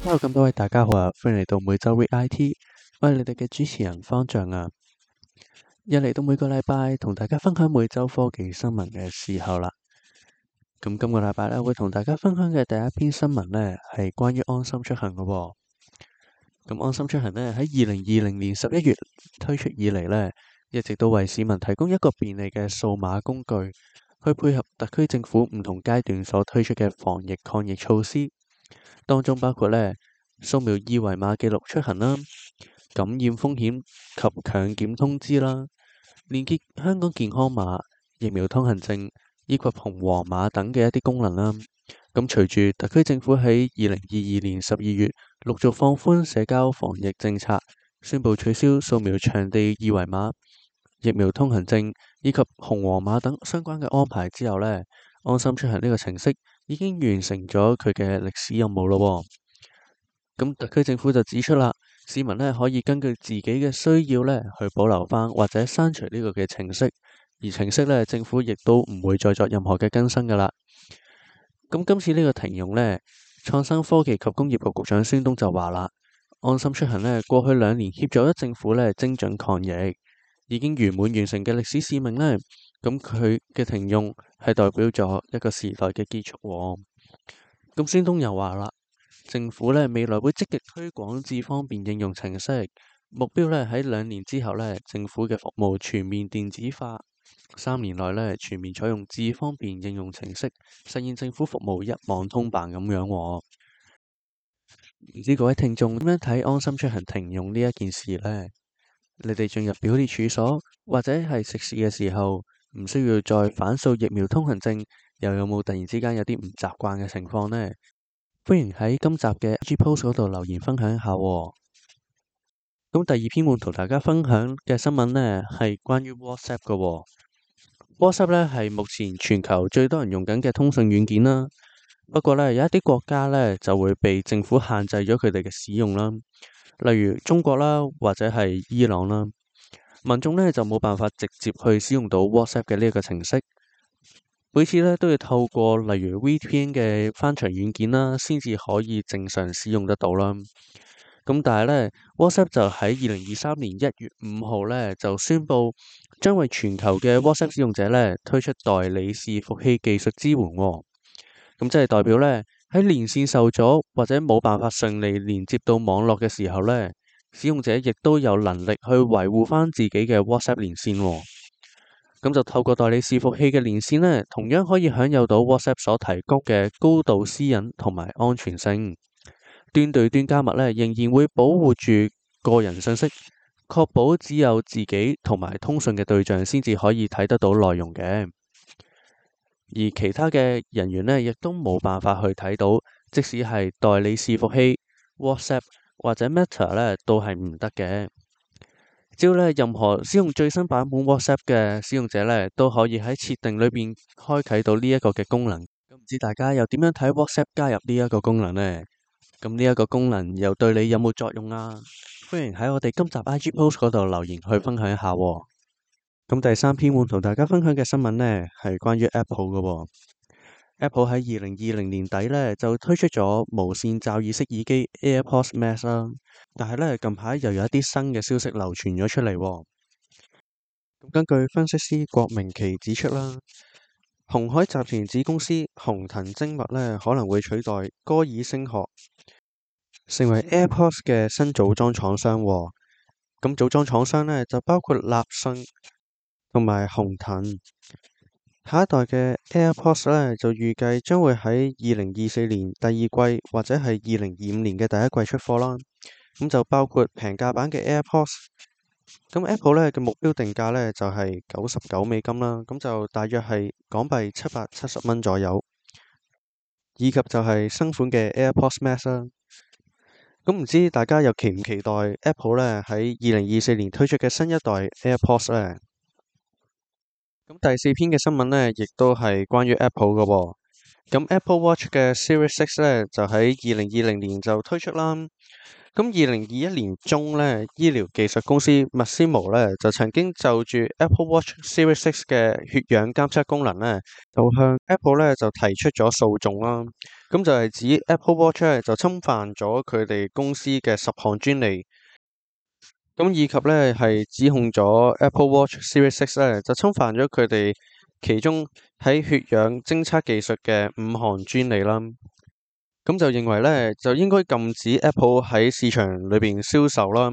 Hello，咁多位大家好啊！歡迎嚟到每周 Read IT，我係你哋嘅主持人方丈啊！又嚟到每個禮拜同大家分享每周科技新聞嘅時候啦。咁今個禮拜咧，會同大家分享嘅第一篇新聞呢，係關於安心出行嘅噃。咁安心出行呢，喺二零二零年十一月推出以嚟呢，一直都為市民提供一個便利嘅數碼工具，去配合特區政府唔同階段所推出嘅防疫抗疫措施。當中包括呢，掃描二維碼記錄出行啦，感染風險及強檢通知啦，連接香港健康碼、疫苗通行證、以及紅黃碼等嘅一啲功能啦。咁、嗯、隨住特區政府喺二零二二年十二月陸續放寬社交防疫政策，宣布取消掃描場地二維碼、疫苗通行證以及紅黃碼等相關嘅安排之後呢，安心出行呢個程式，已經完成咗佢嘅歷史任務咯，咁特區政府就指出啦，市民呢可以根據自己嘅需要呢去保留翻或者刪除呢個嘅程式，而程式呢，政府亦都唔會再作任何嘅更新噶啦。咁今次呢個停用呢，創新科技及工業局局長孫東就話啦，安心出行呢過去兩年協助咗政府呢精準抗疫，已經圓滿完成嘅歷史使命呢。咁佢嘅停用係代表咗一個時代嘅結束。咁孫東又話啦，政府呢未來會積極推廣智方便應用程式，目標呢喺兩年之後呢，政府嘅服務全面電子化；三年內呢全面採用智方便應用程式，實現政府服務一網通辦咁樣。唔知各位聽眾點樣睇安心出行停用呢一件事呢？你哋進入表列處所或者係食肆嘅時候，唔需要再反掃疫苗通行證，又有冇突然之間有啲唔習慣嘅情況呢？歡迎喺今集嘅 IG Post 嗰度留言分享一下哦。咁第二篇會同大家分享嘅新聞呢，係關於 WhatsApp 嘅哦。WhatsApp 呢係目前全球最多人用緊嘅通訊軟件啦。不過呢，有一啲國家呢就會被政府限制咗佢哋嘅使用啦，例如中國啦或者係伊朗啦。民眾咧就冇辦法直接去使用到 WhatsApp 嘅呢一個程式，每次咧都要透過例如 VPN 嘅翻牆軟件啦，先至可以正常使用得到啦。咁但係咧，WhatsApp 就喺二零二三年一月五號咧就宣佈，將為全球嘅 WhatsApp 使用者咧推出代理伺服器技術支援，哦。咁、嗯、即係代表咧喺連線受阻或者冇辦法順利連接到網絡嘅時候咧。使用者亦都有能力去維護翻自己嘅 WhatsApp 連線，哦，咁就透過代理伺服器嘅連線呢，同樣可以享受到 WhatsApp 所提供嘅高度私隱同埋安全性。端對端加密呢，仍然會保護住個人信息，確保只有自己同埋通訊嘅對象先至可以睇得到內容嘅，而其他嘅人員呢，亦都冇辦法去睇到，即使係代理伺服器 WhatsApp。或者 Meta 咧都係唔得嘅，只要咧任何使用最新版本 WhatsApp 嘅使用者咧都可以喺設定裏邊開啟到呢一個嘅功能。咁唔知大家又點樣睇 WhatsApp 加入呢一個功能呢？咁呢一個功能又對你有冇作用啊？歡迎喺我哋今集 IG Post 嗰度留言去分享一下喎。咁第三篇會同大家分享嘅新聞呢，係關於 Apple 㗎喎。Apple 喺二零二零年底呢，就推出咗無線罩耳式耳機 AirPods Max 啦，但係呢，近排又有一啲新嘅消息流傳咗出嚟、哦。咁根據分析師郭明琪指出啦，鴻海集團子公司鴻騰精密呢，可能會取代歌爾聲學成為 AirPods 嘅新組裝廠商、哦。咁組裝廠商呢，就包括立訊同埋鴻騰。下一代嘅 AirPods 咧，就預計將會喺二零二四年第二季或者係二零二五年嘅第一季出貨啦。咁就包括平價版嘅 AirPods。咁 Apple 咧嘅目標定價咧就係九十九美金啦，咁就大約係港幣七百七十蚊左右。以及就係新款嘅 AirPods Max 啦。咁唔知大家又期唔期待 Apple 咧喺二零二四年推出嘅新一代 AirPods 咧？咁第四篇嘅新聞咧，亦都係關於 Apple 噶、哦。咁 Apple Watch 嘅 Series Six 咧，就喺二零二零年就推出啦。咁二零二一年中咧，醫療技術公司 Masimo 咧就曾經就住 Apple Watch Series Six 嘅血氧監測功能咧，就向 Apple 咧就提出咗訴訟啦。咁就係指 Apple Watch 咧就侵犯咗佢哋公司嘅十項專利。咁以及咧係指控咗 Apple Watch Series Six 咧就侵犯咗佢哋其中喺血氧偵測技術嘅五項專利啦，咁就認為咧就應該禁止 Apple 喺市場裏邊銷售啦。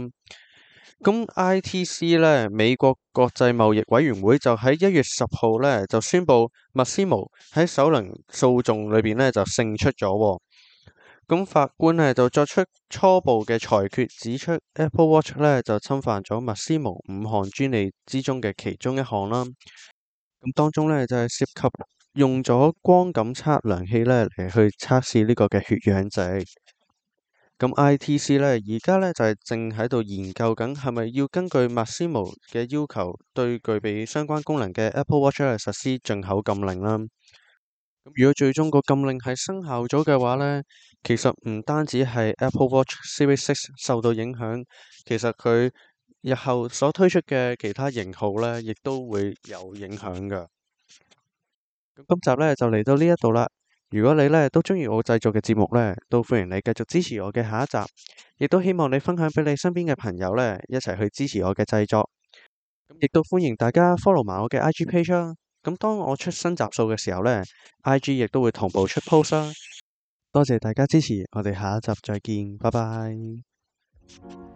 咁 ITC 咧美國國際貿易委員會就喺一月十號咧就宣布，麥斯毛喺首輪訴訟裏邊咧就勝出咗。咁法官呢，就作出初步嘅裁決，指出 Apple Watch 咧就侵犯咗 Masimo 五項專利之中嘅其中一項啦。咁當中呢，就係、是、涉及用咗光感測量器呢嚟去測試呢個嘅血氧值。咁 ITC 呢而家呢，就係、是、正喺度研究緊係咪要根據 Masimo 嘅要求，對具備相關功能嘅 Apple Watch 嚟實施進口禁令啦。咁如果最終個禁令係生效咗嘅話呢。其實唔單止係 Apple Watch Series 6受到影響，其實佢日後所推出嘅其他型號呢，亦都會有影響嘅。咁今集呢，就嚟到呢一度啦。如果你呢都鍾意我製作嘅節目呢，都歡迎你繼續支持我嘅下一集，亦都希望你分享俾你身邊嘅朋友呢，一齊去支持我嘅製作。咁亦都歡迎大家 follow 埋我嘅 IG page 啦、啊。咁當我出新集數嘅時候呢，IG 亦都會同步出 post 啦、啊。多謝大家支持，我哋下一集再見，拜拜。